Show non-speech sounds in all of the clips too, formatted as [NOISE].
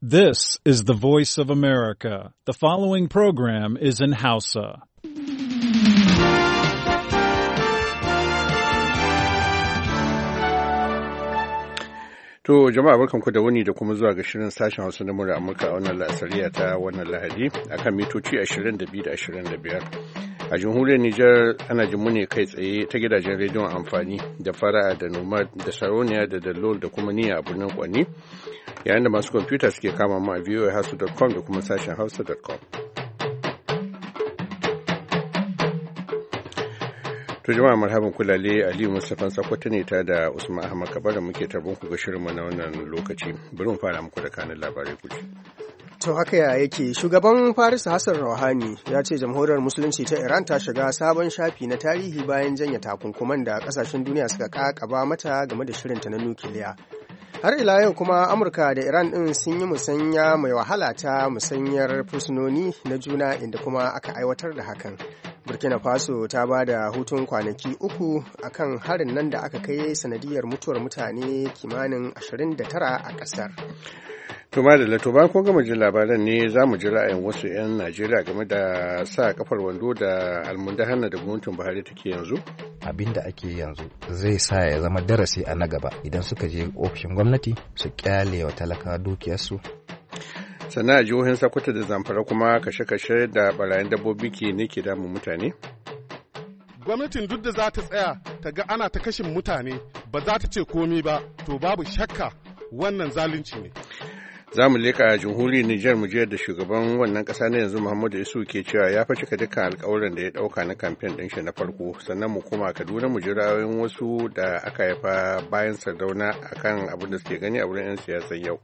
This is the voice of America. The following program is in Hausa. To jama'a barkanku da wani da kuma zuwa ga shirin sashen Hausa na murya Amurka a wannan la'asariya ta wannan Lahadi akan mitoci 22 da 25. a jamhuriyar Nijar ana jimu ne kai tsaye ta gidajen rediyon amfani da fara'a da nomad da saroniya da dalol da kuma niya a birnin kwanni yayin da masu kwamfuta suke kama ma a voahasu.com da kuma sashen hausa.com. To jama'a marhaban kulale Aliyu mustafan Sakwata ne ta da Usman Ahmad da muke tabon ku ga shirinmu na wannan lokaci. Bari mu fara muku da kanin labarai ku To haka ya yake shugaban Faris Hassan Rouhani ya ce jamhuriyar musulunci ta Iran ta shiga sabon shafi na tarihi bayan janya takunkuman da kasashen duniya suka kakaba mata game da shirinta na nukiliya. har ila yau kuma amurka da iran din sun yi musanya mai wahala ta musanyar fursunoni na juna inda kuma aka aiwatar da hakan burkina faso ta ba da hutun kwanaki uku akan harin nan da aka kai sanadiyar mutuwar mutane kimanin 29 a kasar tuma da lato ba ko gama jin labaran ne za mu ji ra'ayin wasu 'yan najeriya game da sa kafar wando da almundahan da gwamnatin buhari take yanzu abin da ake yanzu zai sa ya zama darasi a na gaba idan suka je ofishin gwamnati su kyale wa talaka dukiyarsu sana jihohin sakwata da zamfara kuma kashe-kashe da barayin dabbobi ke ne ke damun mutane gwamnatin duk da za ta tsaya ta ga ana ta kashin mutane ba za ta ce komi ba to babu shakka wannan zalunci ne za mu leka jamhuriyar Nijar mu je da shugaban wannan kasa na yanzu Muhammadu Isu ke cewa ya fa cika dukkan alkawuran da ya dauka na kamfen din shi na farko sannan mu kuma Kaduna mu jirayoyin wasu da aka haifa bayan Sardauna akan abin da suke gani a wurin 'yan siyasan yau.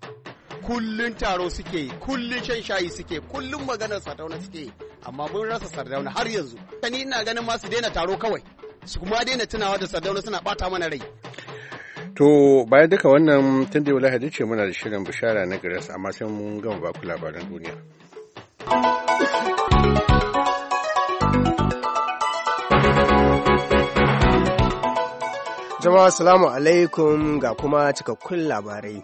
Kullun taro suke, kullun shan shayi suke, kullun maganar Sardauna suke, amma mun rasa Sardauna har yanzu. sani ina ganin masu daina taro kawai, su kuma daina tunawa da Sardauna suna bata mana rai. To bayan duka wannan tun da wala ce muna da shirin bishara na garas amma sai mun gama baku labaran duniya. Jama'a salamu alaikum ga kuma cikakkun labarai.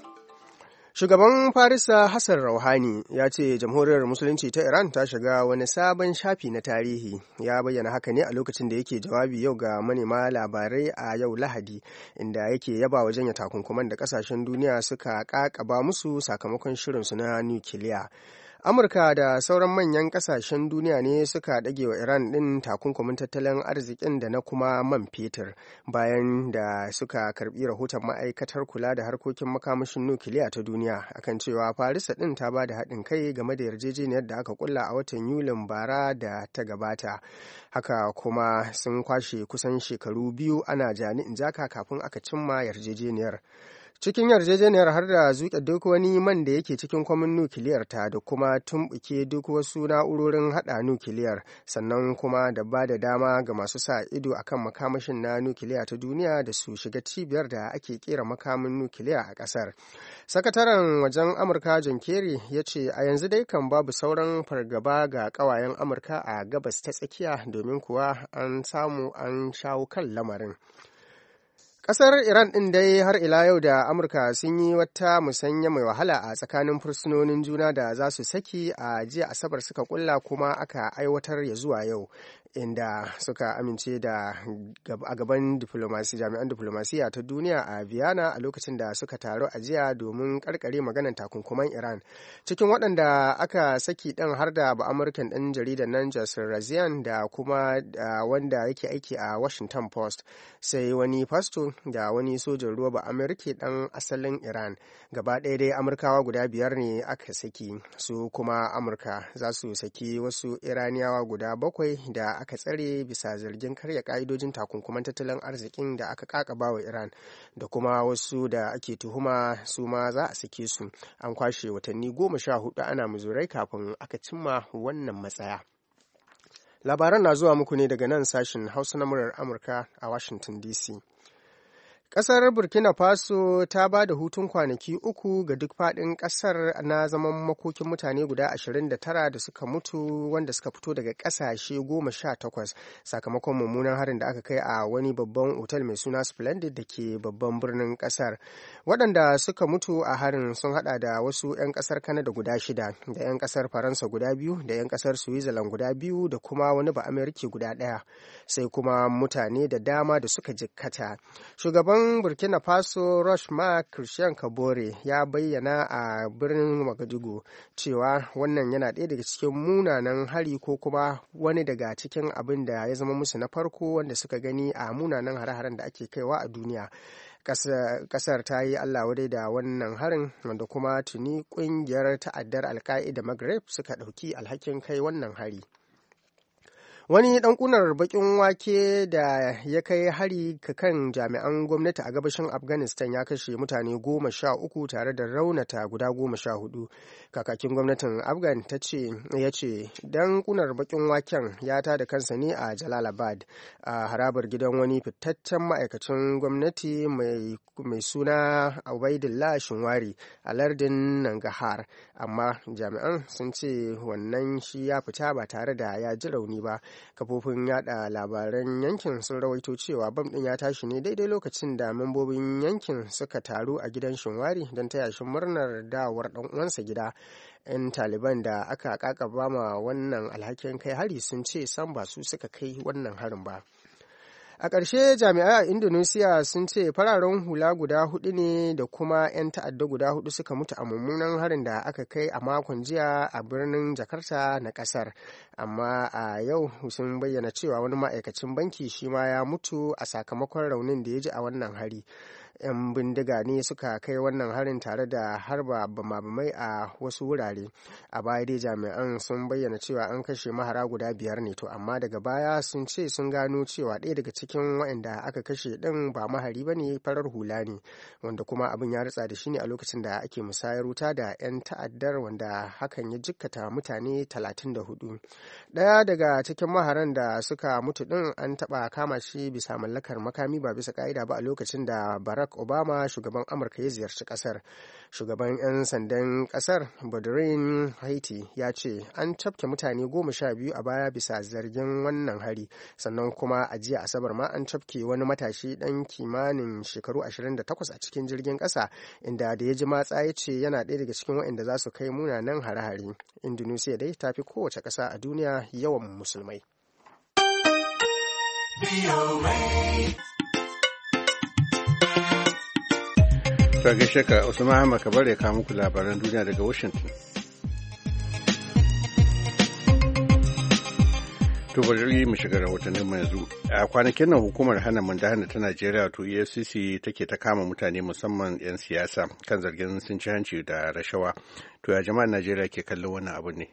Shugaban Farisa Hassan Rouhani ya ce jamhuriyar Musulunci ta Iran ta shiga wani sabon shafi na tarihi ya bayyana haka ne a lokacin da yake jawabi yau ga manema labarai a yau Lahadi inda yake yaba wa janya takunkuman da kasashen duniya suka kakaba musu sakamakon shirinsu na nukiliya. amurka da sauran manyan kasashen duniya ne suka dage wa iran ɗin takunkumin tattalin arzikin da na kuma man fetur bayan da suka karbi rahoton ma'aikatar kula da harkokin makamashin nukiliya ta duniya akan cewa farisa ɗin ta ba da haɗin kai game da yarjejeniyar da aka kulla a watan yulin bara da ta gabata haka kuma sun kwashe kusan shekaru biyu ana jani'in jaka kafin aka cimma yarjejeniyar cikin yarjejeniyar har da zuke duk wani man da yake cikin kwamin nukiliyar ta da kuma tumbuke duk wasu na'urorin hada nukiliyar sannan kuma da ba da dama ga masu sa ido akan makamashin na nukiliya ta duniya da su shiga cibiyar da ake kera makamin nukiliya a kasar sakataren wajen amurka john kerry ya ce a yanzu dai kan babu sauran fargaba ga kawayen amurka a gabas ta tsakiya domin kuwa an samu an shawo kan lamarin Ƙasar Iran ɗin dai har ila yau da Amurka sun yi wata musanya mai wahala a tsakanin fursunonin juna da za su saki a jiya Asabar suka kulla kuma aka aiwatar ya zuwa yau, inda suka amince da a gaban jami'an diplomasiya ta duniya a viana a lokacin da suka taru a jiya domin karkare maganan takunkuman Iran. Cikin waɗanda aka saki ɗin har da ba Amurkan ɗan jaridar nan Jasir Razian da kuma wanda yake aiki a Washington Post sai wani fasto da wani sojin ruwa ba Amurki ɗan asalin Iran. Gaba ɗaya dai Amurkawa guda biyar ne aka saki su kuma Amurka za su saki wasu Iraniyawa guda bakwai da aka tsare bisa zargin karya ka'idojin takunkuman tattalin arzikin da aka kakaba wa iran da kuma wasu da ake tuhuma su ma za a sake su an kwashe watanni goma sha hudu ana muzurai kafin aka cimma wannan matsaya labaran na zuwa muku ne daga nan sashen hausa na murar amurka a washington dc Ƙasar Burkina Faso ta ba da hutun kwanaki uku ga duk faɗin ƙasar na zaman makokin mutane guda 29 da suka mutu wanda suka fito daga ƙasashe 18 sakamakon mummunan harin da aka kai a wani babban otal mai suna Splendid da ke babban birnin ƙasar. Waɗanda suka mutu a harin sun haɗa da wasu 'yan ƙasar Kanada guda shida da 'yan ƙasar Faransa guda biyu da 'yan ƙasar Switzerland guda biyu da kuma wani ba Amerika guda ɗaya sai kuma mutane da dama da suka jikkata. Shugaban Shugaban Burkina Faso ma Christian Kabore ya bayyana a birnin Magadugu cewa wannan yana ɗaya daga cikin munanan hari ko kuma wani daga cikin abin da ya zama musu na farko wanda suka gani a munanan hare-haren da ake kaiwa a duniya. kasar ta yi Allah wadai da wannan harin wanda kuma tuni kungiyar ta'addar alka'ida Maghreb suka ɗauki alhakin kai wannan hari. wani dan kunar bakin wake da ya kai hari kan jami'an gwamnati a gabashin afghanistan ya kashe mutane goma sha uku tare da raunata guda goma sha hudu kakakin gwamnatin afghan ta ce ya ce dan kunar bakin waken ya ta da kansa ne a jalalabad a harabar gidan wani fitaccen ma'aikacin gwamnati mai suna ubaidillah shinwari a lardin nangahar amma jami'an sun ce wannan shi ya fita ba tare da ya ji rauni ba kafofin yada labaran yankin sun rawaito cewa bam din ya tashi ne daidai lokacin da membobin yankin suka taru a gidan shinwari don taya shi murnar dawar dan uwansa gida yan taliban da aka kakaba ma wannan alhakin kai hari sun ce san ba su suka kai wannan harin ba A ƙarshe jami'ai a Indonesia sun ce fararen hula guda hudu ne da kuma 'yan ta'adda guda hudu suka mutu a mummunan harin da aka kai a makon jiya a birnin Jakarta na ƙasar. Amma a yau sun bayyana cewa wani ma'aikacin banki shi ma ya mutu a sakamakon raunin da ya ji a wannan hari. 'yan bindiga ne suka kai wannan harin tare da harba bamabamai a wasu wurare a baya dai jami'an sun bayyana cewa an kashe mahara guda biyar ne to amma daga baya sun ce sun gano cewa ɗaya daga cikin waɗanda aka kashe ɗin ba mahari ba ne farar hula ne wanda kuma abin ya ritsa da shi ne a lokacin da ake musayar wuta da 'yan ta'addar wanda hakan ya jikkata mutane talatin da hudu. ɗaya daga cikin maharan da suka mutu ɗin an taɓa kama shi bisa mallakar makami ba bisa ƙa'ida ba a lokacin da barak barack obama shugaban amurka ya ziyarci kasar shugaban 'yan sandan kasar badrin haiti ya ce an tafke mutane goma sha biyu a baya bisa zargin wannan hari sannan kuma a jiya asabar ma an tafke wani matashi dan kimanin shekaru 28 a cikin jirgin kasa inda da ya ji matsa ya ce yana ɗaya daga cikin waɗanda za su kai munanan hare-hare indonesia dai ta fi kowace ƙasa a duniya yawan musulmai Ta gaishe ka Usman Ahmad kabar ya kawo muku labaran duniya daga Washington. To bari mu shiga rahotannin mu yanzu. A kwanakin nan hukumar hana mandahana ta Najeriya to EFCC take ta kama mutane musamman 'yan siyasa kan zargin sun ci hanci da rashawa. To ya jama'an Najeriya ke kallon wannan abu ne?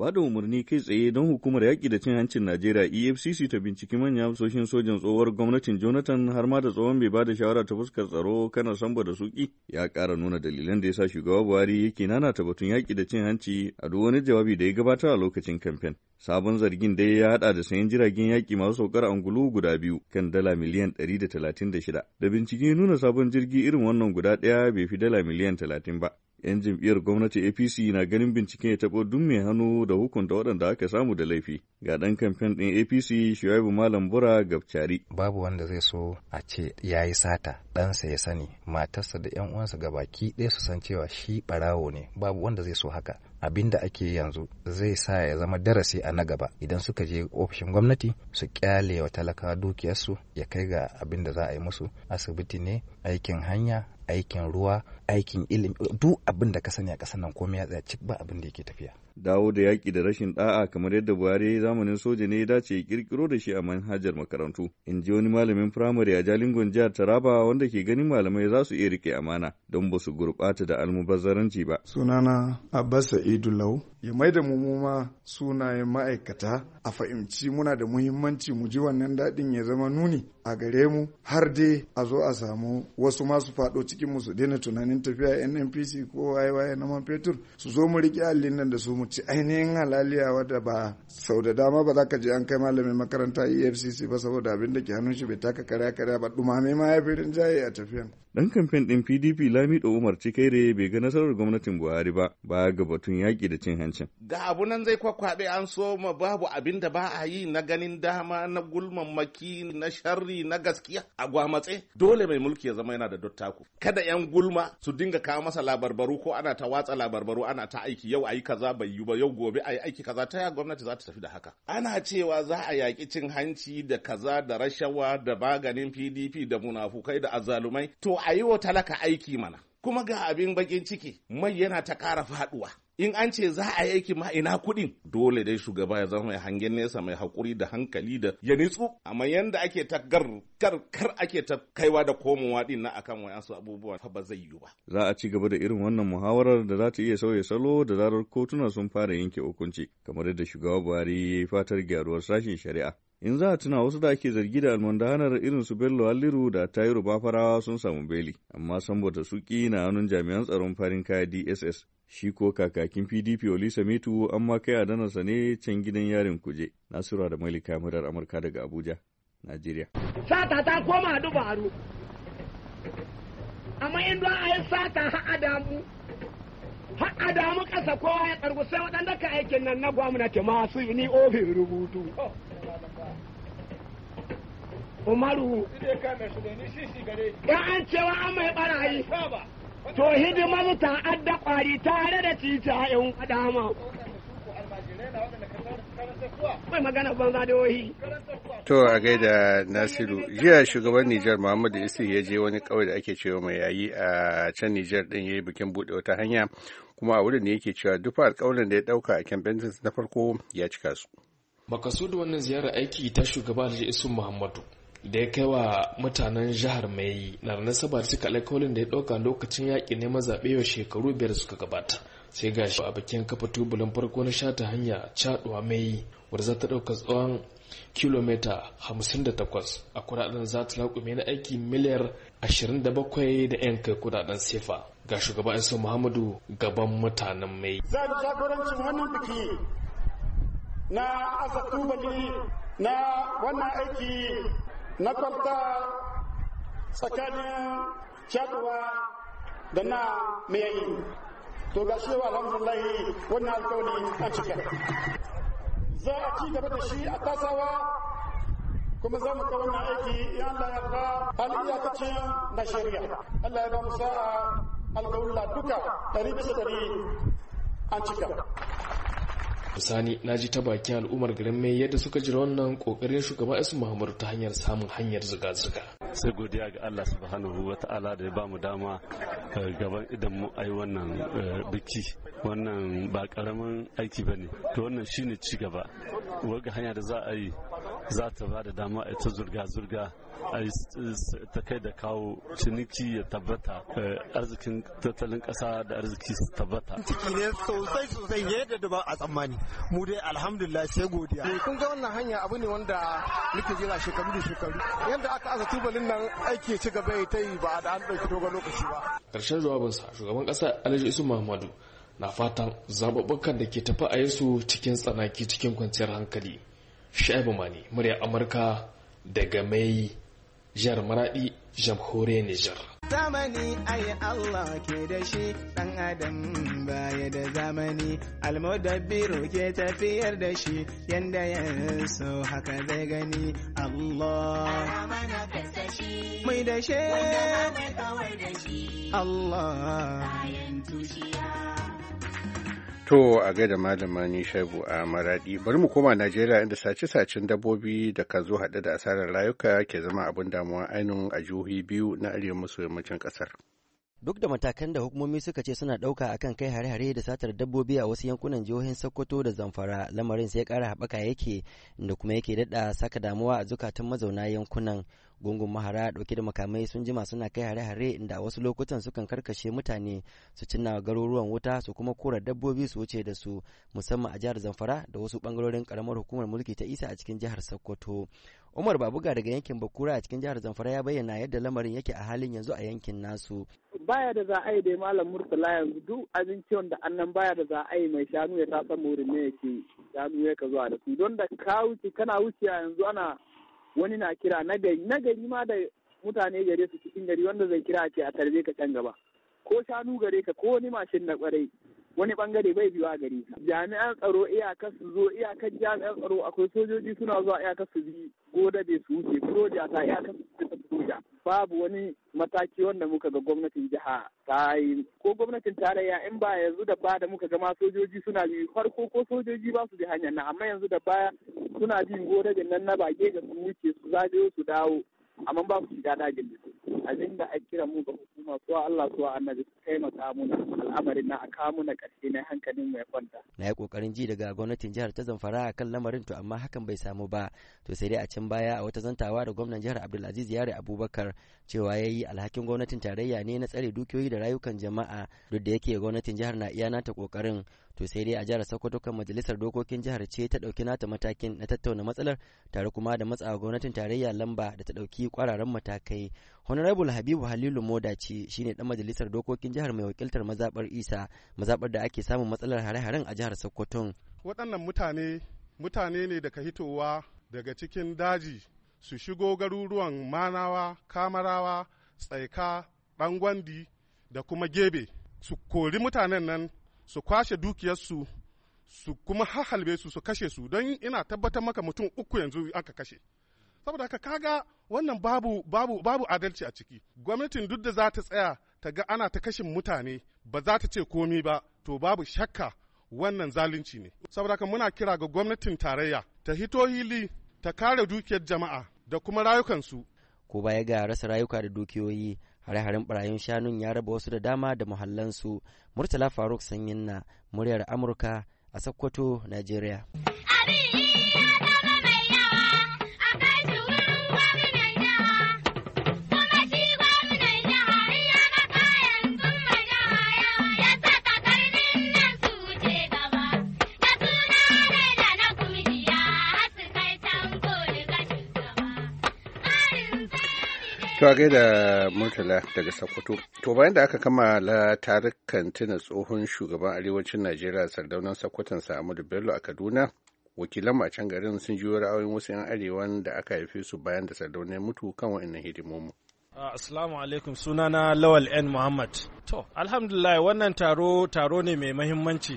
ba da umarni kai tsaye don hukumar yaƙi da cin hancin Najeriya EFCC ta binciki manya amsoshin sojan tsohuwar gwamnatin Jonathan har ma da tsohon bai ba da shawara ta fuskar tsaro kana samba da suki ya ƙara nuna dalilan da ya sa shugaba Buhari yake nana ta batun yaƙi da cin hanci a duk wani jawabi da ya gabata a lokacin kamfen. Sabon zargin dai ya haɗa da sayan jiragen yaƙi masu saukar angulu guda biyu kan dala miliyan ɗari da talatin da da shida, bincike nuna sabon jirgi irin wannan guda ɗaya bai fi dala miliyan talatin ba. 'Yan jam'iyyar gwamnati APC na ganin binciken ya taɓo duk mai hannu da hukunta waɗanda aka samu da laifi. Ga ɗan kamfen ɗin APC Shuaibu Malam Bura Gabcari. Babu wanda zai so a ce ya yi sata, ɗansa ya sani, matarsa da 'yan uwansa ga baki ɗaya su san cewa shi ɓarawo ne, babu wanda zai so haka. abin da ake yanzu zai sa ya zama darasi a na gaba idan suka je ofishin gwamnati su kyale wa talakawa dukiyarsu ya kai ga abin da za a yi musu asibiti ne aikin hanya aikin ruwa aikin ilimi duk abin da ka sani a ƙasar nan komai ya tsaya cik ba abin da yake tafiya dawo da yaƙi da rashin ɗa'a kamar yadda buhari ya zamanin soja ne ya dace ya ƙirƙiro da shi a manhajar makarantu in ji wani malamin firamare a jalingon jihar taraba wanda ke ganin malamai za su iya rike amana don ba su gurɓata da almubazzaranci ba sunana abbas sa'idu lau ya mai da ma sunayen ma'aikata a fahimci muna da muhimmanci mu ji wannan daɗin ya zama nuni a gare mu har dai a zo a samu wasu masu faɗo cikin mu su daina tunanin tafiya nnpc ko waye-waye na man fetur su zo mu riƙe allin nan da su mu ainihin halaliya wadda ba sau da dama ba za ka je an kai malamin makaranta efcc ba saboda abin da ke hannun shi bai taka karya karya ba dumame ma ya fi rinjaye a tafiyan Dan kamfen ɗin PDP Lamido Umar Cikaire bai ga nasarar gwamnatin Buhari ba ba ga batun yaƙi da cin hancin. Ga abu nan zai kwakwabe an so ma babu abin da ba a yi na ganin dama na maki na sharri na gaskiya a gwamatse dole mai mulki ya zama yana da dottaku. Kada 'yan gulma su dinga kawo masa labarbaru ko ana ta watsa labarbaru ana ta aiki yau ayi kaza bai yi ba yau gobe a yi aiki kaza ta ya gwamnati za ta tafi da haka. Ana cewa za a yaƙi cin hanci da kaza da rashawa da maganin PDP da munafukai da azalumai to a yi wa talaka aiki mana kuma ga abin bakin ciki mai yana ta ƙara faɗuwa in an ce za a yi aiki ma ina kuɗin dole dai shugaba ya zama mai hangen nesa mai haƙuri da hankali da ya nitsu amma yanda ake ta kar ake ta kaiwa da komowa din na akan su abubuwa fa ba zai yiwu ba za a ci gaba da irin wannan muhawarar da za ta iya sauya salo da zarar kotuna sun fara yanke hukunci kamar yadda shugaba Buhari ya yi fatar gyaruwar sashen shari'a in za a tuna wasu da ake zargi da almandanar irin su bello alliru da tayiru bafarawa sun samu beli amma saboda suki na hannun jami'an tsaron farin kaya dss shi ko kakakin pdp olisa mitu an ma kai adanarsa ne can gidan yarin kuje nasura da mali kamarar amurka daga abuja najeriya sata ta koma dubaru amma in a yi sata ha'a damu har a damu ƙasa kowa ya tsargu sai waɗanda ka aikin nan na gwamnati masu ni ofin rubutu umaru ya an cewa an mai ɓarayi to hidimar ta'adda kwari tare da tita yan dama To a gaida Nasiru, jiya shugaban Nijar Muhammadu Isu ya je wani kawai da ake cewa mai yayi a can Nijar din yi bikin buɗe wata hanya kuma a wurin ne yake cewa duk alƙawarin da ya ɗauka a kamfen na farko ya cika su. Makasudu wannan ziyarar aiki ta shugaba da Isu Muhammadu da ya kai wa mutanen jihar mai na ranar nasaba da cika da ya ɗauka lokacin yaƙi neman zaɓe wa shekaru biyar suka gabata. sai ga shi a bakin kafa tubulin farko na shata hanya caɗuwa mai wadda za ta ɗauka tsawon kilomita 58 a kudaden za ta laƙume na aiki miliyar 27 da 'yan kai kudaden sefa ga shugaba isa muhammadu gaban mutanen mai za da jagorancin wannan biki na asa tubali na wannan aiki na kwamta tsakanin caɗuwa da na mayayi to ga shi alhamdulillah wannan an cika za a ci gaba da shi a kasawa kuma za mu kawo wannan aiki ya Allah ya ba ta ce na shari'a Allah ya ba mu sa'a alkawulla duka ɗari bisa an cika Sani na ji ta bakin al'ummar garin mai yadda suka jira wannan ƙoƙarin shugaba isu muhammadu ta hanyar samun hanyar zuga-zuga sai godiya ga Allah subhanahu wa ta'ala da ya ba mu dama eh, gaban idan mu ai wannan eh, biki wannan ba karamin aiki bane to wannan shine ci gaba wanga hanya da za a yi za ta ba da dama a ta zurga zurga a ta kai da kawo ciniki ya tabbata arzikin tattalin ƙasa da arziki su tabbata. Ciki ne sosai sosai yadda da ba a tsammani. Mu dai alhamdulillah sai godiya. Eh, kun ga wannan hanya abu ne wanda muke jira shekaru da shekaru. Yadda aka aza tubalin nan aiki ci gaba ya ta yi ba da an ɗauki dogon lokaci ba. Ƙarshen jawabinsa shugaban kasa Alhaji Isu Muhammadu na fatan zababbukan da ke tafi a yasu cikin tsanaki cikin kwanciyar hankali. Sha'ibu Mani, murya Amurka daga mai jar maraɗi jamhuriyar nijar zamani ai Allah ke da shi dan adam baya da zamani almudabbiru ke tafiyar da shi yanda ya so haka zai gani Allah mai da shi Allah bayan tushiya To a gaida malama ni shaibu a maradi bari mu koma Najeriya inda sace-sacen dabbobi da kan zo haɗe da asarar rayuka ke zama abin damuwa ainihin a jihohi biyu na arewa maso yammacin kasar. Duk da matakan da hukumomi suka ce suna ɗauka akan kai hare-hare da satar dabbobi a wasu yankunan jihohin Sokoto da Zamfara lamarin sai kara haɓaka yake da kuma yake dada saka damuwa a zukatan mazauna yankunan gungun mahara dauke da makamai sun jima suna kai hare-hare inda wasu lokutan sukan karkashe mutane su cinna garuruwan wuta su kuma kora dabbobi su wuce da su musamman a jihar zamfara da wasu bangarorin karamar hukumar mulki ta isa a cikin jihar sokoto umar babuga daga yankin bakura a cikin jihar zamfara ya bayyana yadda lamarin yake a halin yanzu a yankin nasu baya da za a yi da malam murtala yanzu duk abinci wanda annan baya da za a yi mai shanu ya tatsa murin ne yake shanu ya ka zuwa da su don da ka wuce kana wuce yanzu ana wani na kira na gari na gari ma da mutane gare su cikin gari wanda zai kira ce a tarbe ka can gaba ko shanu gare ka ko wani mashin na kwarai wani bangare bai biyu a gari jami'an tsaro iyakar su zo iyakar jami'an tsaro akwai sojoji suna zuwa iyakar su bi goda bai su wuce soja ta iyakar su ta soja babu wani mataki wanda muka ga gwamnatin jiha ta yi ko gwamnatin tarayya in ba yanzu da ba da muka gama sojoji suna bi farko ko sojoji ba su bi hanyar na amma yanzu da baya suna bin goda nan na bage ga su wuce su zagayo su dawo amma ba su shiga dajin da su abin da kiran kira mu ga hukuma ko Allah ko annabi su taimaka muna al'amarin na a muna ƙarshe na hankalin mu ya kwanta. Na yi ƙoƙarin ji daga gwamnatin jihar ta Zamfara kan lamarin to amma hakan bai samu ba to sai dai a can baya a wata zantawa da gwamnan jihar Abdulaziz Yare Abubakar cewa ya yi alhakin gwamnatin tarayya ne na tsare dukiyoyi da rayukan jama'a duk da yake gwamnatin jihar na iya nata ƙoƙarin to sai dai a jihar sokoto kan majalisar dokokin jihar ce ta dauki nata matakin na tattauna matsalar tare kuma da matsa gwamnatin tarayya lamba da ta dauki kwararan matakai honorable habibu halilu moda ce shine dan majalisar dokokin jihar mai wakiltar mazabar isa mazabar da ake samun matsalar hare-haren a jihar sokoto waɗannan mutane mutane ne daga hitowa daga cikin daji su shigo garuruwan manawa kamarawa tsaika ɗangwandi da kuma gebe su kori mutanen nan su kwashe dukiyarsu su kuma hahalbe su su kashe su don ina tabbatar maka mutum uku yanzu aka kashe saboda haka kaga wannan babu babu babu adalci a ciki gwamnatin duk da za ta tsaya ta ga ana ta kashin mutane ba za ta ce komi ba to babu shakka wannan zalunci ne saboda haka muna kira ga gwamnatin tarayya ta hito hili ta kare dukiyar jama'a da kuma rayukansu ko baya ga rasa rayuka da dukiyoyi hare-haren barayin shanun ya raba wasu da dama da muhallansu murtala faruk sanyin na muryar amurka a sokoto nigeria Tuwa gaida Murtala daga Sokoto. To bayan da aka kammala tarukan tuna tsohon shugaban arewacin Najeriya sardaunan Sokoton amadu Bello a Kaduna, wakilan a garin sun jiyo ra'ayoyin wasu 'yan arewan da aka haife su bayan da sardaunan mutu kan wa'annan hidimomi. Ah, assalamu alaikum na Lawal N Muhammad. To, alhamdulillah wannan taro taro ne mai mahimmanci.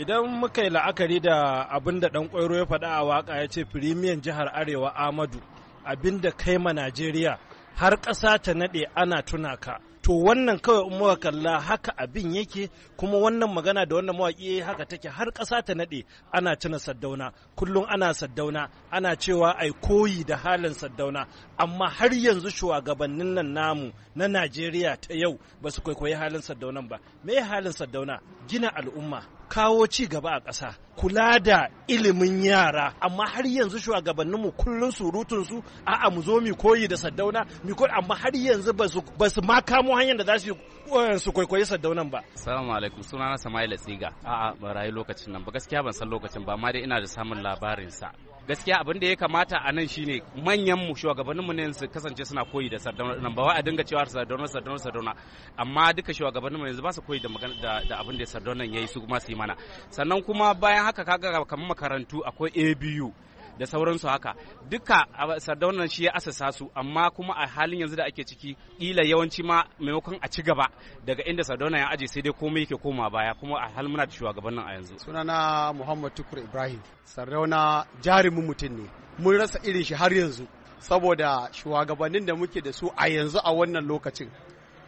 Idan muka yi la'akari da abin da ɗan ƙwairo ya faɗa a waƙa ya ce firimiyan jihar Arewa Amadu abin da kai ma Najeriya har ƙasa ta naɗe ana tuna ka to wannan kawai in muka kalla haka abin yake kuma wannan magana da wannan mawaƙi haka take har ƙasa ta naɗe ana tuna saddauna kullum ana saddauna ana cewa ai koyi da halin saddauna amma har yanzu shugabannin nan namu na najeriya ta yau ba su kwaikwayi halin saddaunan ba me halin saddauna gina al'umma kawo ci gaba a ƙasa kula da ilimin yara amma har yanzu shugabanninmu kullum surutunsu a'a mu zo koyi da saddauna mu koyi amma har yanzu ba su ma kamo hanyar da za su eh, su kwaikwayi saddaunan ba salamu alaikum na sama'ila tsiga a'a a lokacin nan ba gaskiya ban san lokacin ba amma dai ina da samun labarin sa gaskiya abin da ya kamata a nan shine manyan mu shugabanninmu ne su kasance suna koyi da sardauna nan ba wai a dinga cewa sardauna sardauna sardauna amma duka shugabanninmu yanzu ba su koyi da da abin da sardaunan yayi su kuma su yi mana sannan kuma bayan haka kaga kamar makarantu akwai ABU da sauransu haka duka sardaunan shi ya asasa su amma kuma a halin yanzu da ake ciki ƙila yawanci ma maimakon a ci gaba daga inda sardauna ya aje sai dai komai yake koma baya kuma a hal muna da shugaban nan a yanzu sunana muhammad tukur ibrahim sardauna jarumin mutum ne mun rasa irin shi har yanzu saboda shugabannin da muke da su a yanzu a wannan lokacin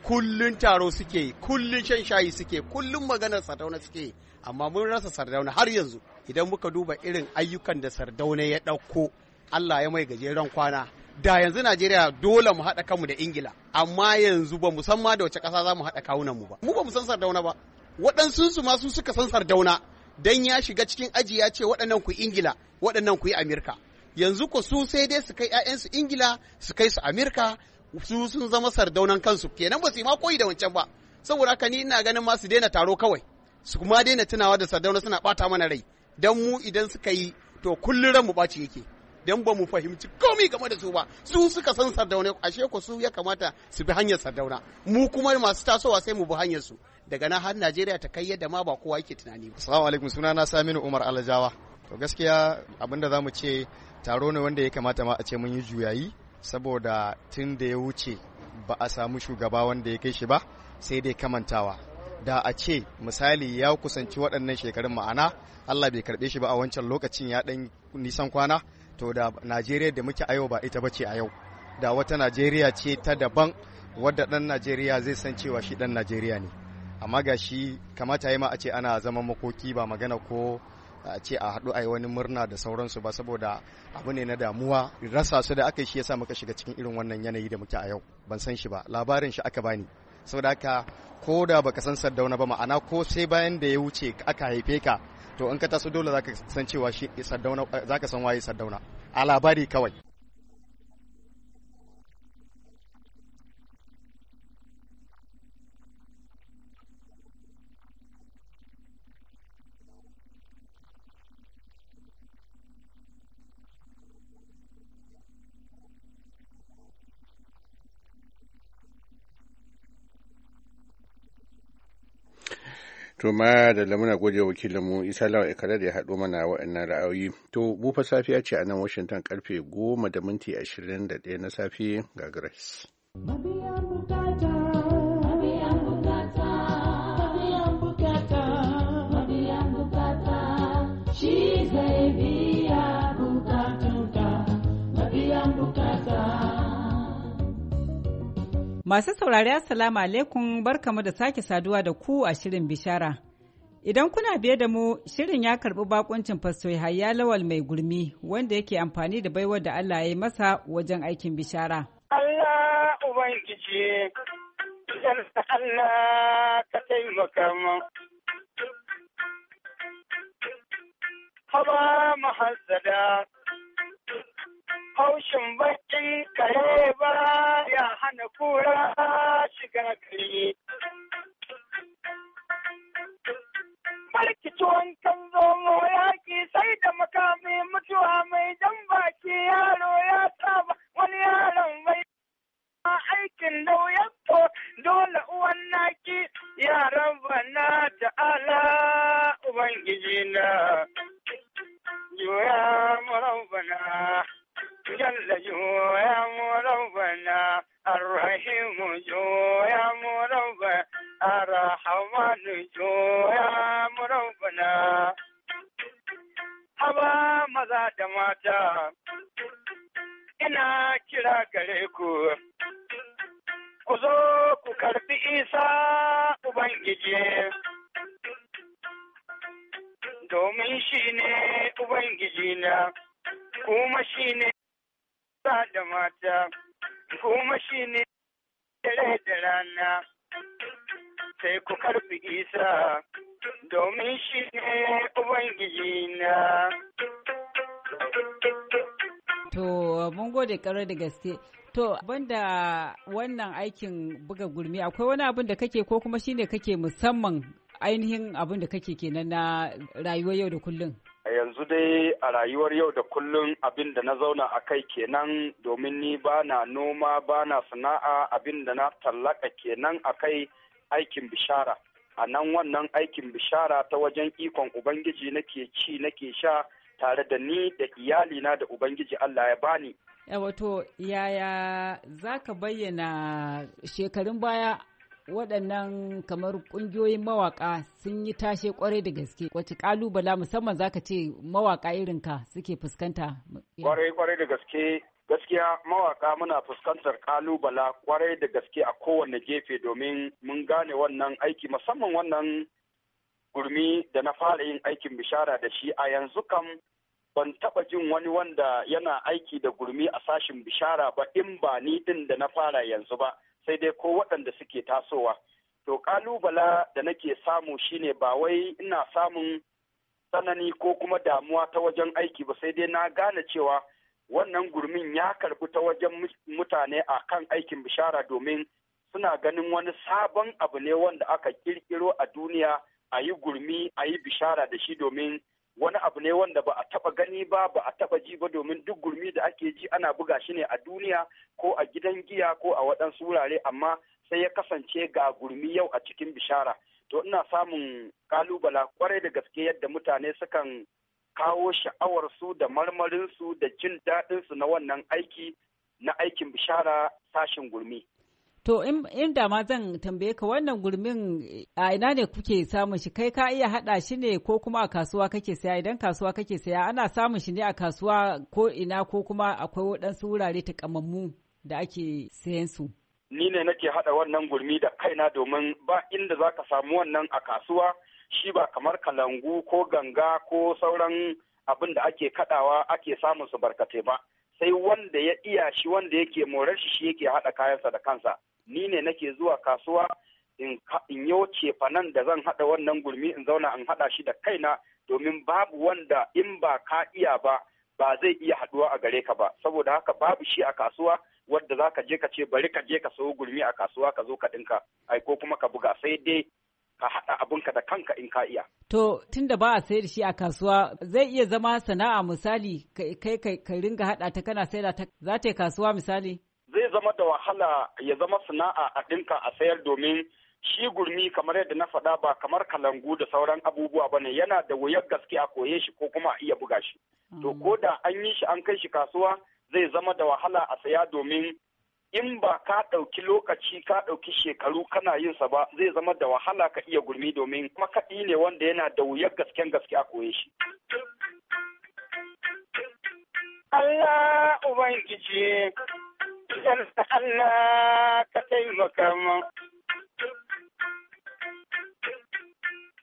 kullun taro suke kullun shan shayi suke kullun maganar sardauna suke amma mun rasa sardauna har yanzu idan muka duba irin ayyukan da sardauna ya ɗauko Allah ya mai gajeren kwana da yanzu Najeriya dole mu haɗa kanmu da Ingila amma yanzu ba musamman da wace ƙasa za mu haɗa kawunanmu ba mu ba mu san sardauna ba waɗansu su ma su suka san sardauna dan ya shiga cikin aji ya ce waɗannan ku Ingila waɗannan ku yi Amerika yanzu ko su sai dai su kai 'ya'yansu Ingila su kai su Amerika su sun zama sardaunan kansu kenan ba su yi ma koyi da wancan ba saboda haka ni ina ganin ma su daina taro kawai su kuma daina tunawa da sardauna suna bata mana rai dan mu idan suka yi to kullun ran mu baci yake dan ba mu fahimci komai game da su ba su suka san sardauna ashe ko su ya kamata su bi hanyar sardauna mu kuma masu tasowa sai mu bi hanyar su daga nan har Najeriya ta kai yadda ma ba kowa yake tunani ba assalamu alaikum sunana Saminu Umar Alajawa to gaskiya abinda zamu ce taro ne wanda ya kamata ma a ce mun yi juyayi saboda tun da ya wuce ba a samu shugaba wanda ya kai shi ba sai dai kamantawa da a ce misali ya kusanci waɗannan shekarun ma'ana Allah bai karɓe shi ba a wancan lokacin ya ɗan nisan kwana to da Najeriya da muke a ba ita bace a yau da wata Najeriya ce ta daban wadda ɗan Najeriya zai san cewa shi ɗan Najeriya ne amma ga shi kamata ya ma a ce ana zaman makoki ba magana ko a ce a haɗu a yi wani murna da sauransu ba saboda abu ne na damuwa rasa su da aka yi shi yasa muka shiga cikin irin wannan yanayi da muke a yau ban san shi ba labarin shi aka bani saboda haka ko da baka san sardauna ba ma'ana ko sai bayan da ya wuce aka haife ka to in ka taso dole zaka san cewa shi sardauna zaka san waye sardauna a labari kawai To ma da lamuna gode wakilinmu Isa Lawa Ikara da ya haɗo mana wa'annan ra'ayoyi. To bufa safiya ce a nan washinton karfe goma da minti ashirin da ɗaya na safe ga Grace. Masu saurari Assalamu alaikum barkamu da sake saduwa da ku a shirin bishara. Idan kuna biye da mu, shirin ya karbi bakuncin fasto Yahaya Lawal mai gurmi wanda yake amfani da baiwar da Allah ya yi masa wajen aikin bishara. Allah Ubangiji, Allah ka taimaka haushin bacci kare ba ya hana kura shiga kare. Markituwan domin shi ne na kuma shi ne da mata, kuma shi ne dare da rana, sai ku karfi isa, domin shi ne Ubangijina. To, mun gode ƙarar da gaske. To, banda wannan aikin buga gurmi, akwai wani abin da kake ko kuma shi ne kake musamman ainihin abin da kake kenan na rayuwar yau da kullum? A yanzu dai a rayuwar yau da kullum abin da na zauna a kai kenan domin ni ba na noma ba na sana'a abin da na tallaka kenan a kai aikin bishara. A nan wannan aikin bishara ta wajen ikon Ubangiji nake ci nake sha tare da ni da iyalina da Ubangiji Allah ya bani. wato yaya za ka bayyana shekarun baya waɗannan kamar ƙungiyoyin mawaƙa sun yi tashe ƙwarai da gaske wacce ƙalubala musamman za ka ce mawaƙa irin ka suke fuskanta ƙwarai ƙwarai da gaske gaskiya mawaƙa muna fuskantar ƙalubala ƙwarai da gaske a kowane gefe domin mun gane wannan aiki musamman wannan gurmi da na fara yin aikin bishara da shi a yanzu kam ban taɓa jin wani wanda yana aiki da gurmi a sashin bishara ba in ba ni din da na fara yanzu ba sai dai ko waɗanda suke tasowa to ƙalubala da nake samu shine ba wai ina samun tsanani ko kuma damuwa ta wajen aiki ba sai dai na gane cewa wannan gurmin ya karɓi ta wajen mutane a kan aikin bishara domin suna ganin wani sabon abu ne wanda aka ƙirƙiro a duniya a yi gurmi a yi bishara da shi domin wani abu ne wanda ba a taba gani ba ba a taba ji ba domin duk gurmi da ake ji ana buga shi ne a duniya ko a gidan giya ko a waɗansu wurare amma sai ya kasance ga gurmi yau a cikin bishara to ina samun kalubala kwarai da gaske yadda mutane sukan kawo sha'awarsu da marmarinsu da jin daɗinsu na wannan aiki na aikin bishara sashin gurmi To in da ma zan tambaye ka wannan gurmin a ina ne kuke samun shi kai ka iya hada shi ne ko kuma a kasuwa kake saya idan kasuwa kake saya ana samun shi ne a kasuwa ko ina ko kuma akwai waɗansu wurare takamammu da ake sayan su. Ni ne nake hada wannan gurmi da kaina domin ba inda za ka samu wannan a kasuwa shi ba kamar kalangu ko ganga ko sauran abin da ake kadawa ake samun su barkatai ba. Sai wanda ya iya shi wanda yake morar shi shi yake haɗa kayansa da kansa. ni ne nake zuwa kasuwa in yi cefanan da zan haɗa wannan gurmi in zauna in haɗa shi da kaina domin babu wanda in ba ka iya ba ba zai iya haɗuwa a gare ka ba saboda haka babu shi a kasuwa wadda za ka je ka ce bari ka je ka sayo gurmi a kasuwa ka zo ka ɗinka ai ko kuma ka buga sai dai ka haɗa abinka da kanka in ka iya. To tunda ba a sayar shi a kasuwa zai iya zama sana'a misali kai ka ringa haɗa ta kana sayar ta za ta kasuwa misali. zai zama da wahala ya zama sana'a a ɗinka a sayar domin shi gurmi kamar yadda na faɗa ba kamar kalangu da sauran abubuwa ba ne yana da wuyar gaske a koye shi ko kuma a iya buga shi. To mm. ko da an yi shi an kai shi kasuwa zai zama da wahala a saya domin in ba ka ɗauki lokaci ka ɗauki shekaru kana yin sa ba zai zama da wahala ka iya gurmi domin kuma kaɗi ne wanda yana da wuyar gasken gaske a koye shi. Allah Ubangiji, Allah ka taimaka mu.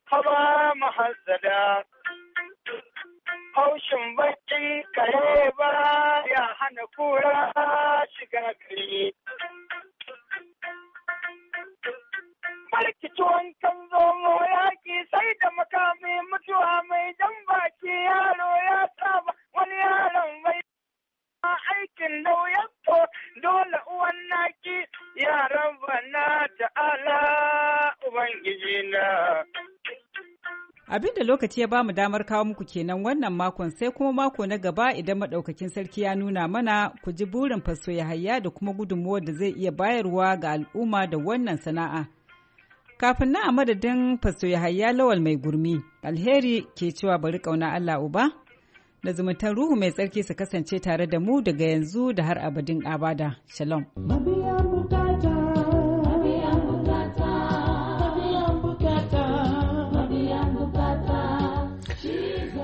Haba mahazzada, haushin bakin kare ba ya hana kura shiga gari. Abin da lokaci ya bamu damar kawo muku kenan wannan makon sai kuma mako na gaba idan maɗaukakin sarki ya nuna mana ku ji burin faso ya hayya da kuma gudunmuwar da zai iya bayarwa ga al'umma da wannan sana'a. Kafin na a madadin faso ya hayya lawal mai gurmi, alheri ke cewa bari kauna Allah uba, da zumuntar ruhu mai tsarki su kasance tare da mu daga yanzu da har abadin abada. Shalom.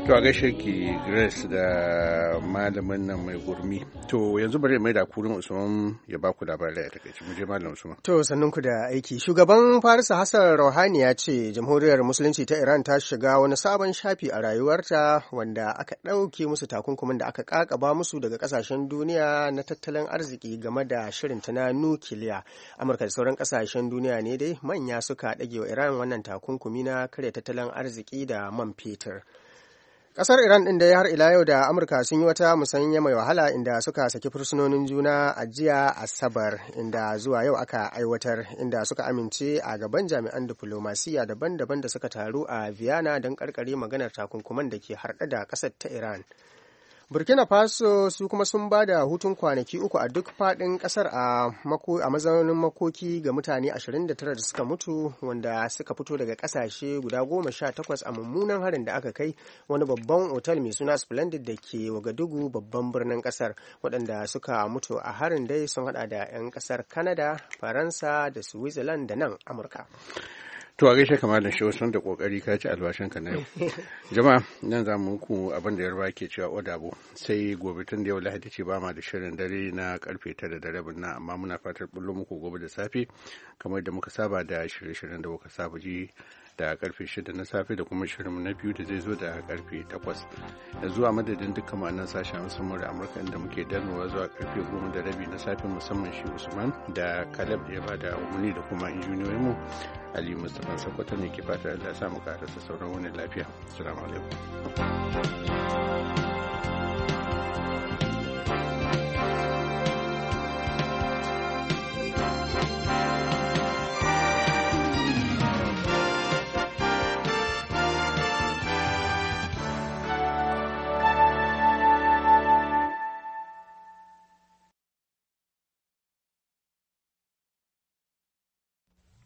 To a gaishe ki Grace da malamin nan mai gurmi. To yanzu bari mai da kurin Usman ya ba ku labarai a takaice mu je malam Usman. To sannan ku da aiki. Shugaban Farisa Hassan rohani ya ce Jamhuriyar Musulunci ta Iran ta shiga wani sabon shafi a rayuwarta wanda aka ɗauke musu takunkumin da aka kakaba musu daga kasashen duniya na tattalin arziki game da shirin ta na nukiliya. Amurka da sauran kasashen duniya ne dai manya suka ɗage wa Iran wannan takunkumi na karya tattalin arziki da man fetur. Kasar Iran ɗin da har ila yau da Amurka sun yi wata musanya mai wahala inda suka saki fursunonin juna a jiya Asabar inda zuwa yau aka aiwatar inda suka amince a gaban jami'an diflomasiya daban-daban da suka taru a Vienna don karkare maganar takunkuman da ke harɗe da ƙasar ta Iran. burkina faso su kuma sun ba da hutun kwanaki uku a duk fadin kasar a mazaunin makoki ga mutane 29 da suka mutu wanda suka fito daga kasashe guda 18 a mummunan harin da aka kai wani babban otal mai suna splendid da ke wagadugu babban birnin kasar waɗanda suka mutu a harin dai sun hada da 'yan kasar canada faransa da switzerland da nan amurka To a gaishe da shi wasu da kokari ka ci ka na yau. [LAUGHS] Jama'a nan za mu ku abin da yarba ke cewa odabo sai gobe tun da yau lahadi ce ba ma da shirin dare na karfe tara da rabin na amma muna fatar bullo muku gobe da safe kamar da muka saba da shirye-shiryen da muka saba ji da karfe 6 na safe da kuma shirinmu na biyu da zai zo da karfe 8 yanzu a madadin dukkan ma'anar sashen musamman da amurka inda muke danowa zuwa karfe 10 da rabi na safe musamman shi usman da kalab da ya da umarni da kuma mu, ali mustapha sakwato ne ke fata sa samu karasa sauran wani lafiya assalamu alaikum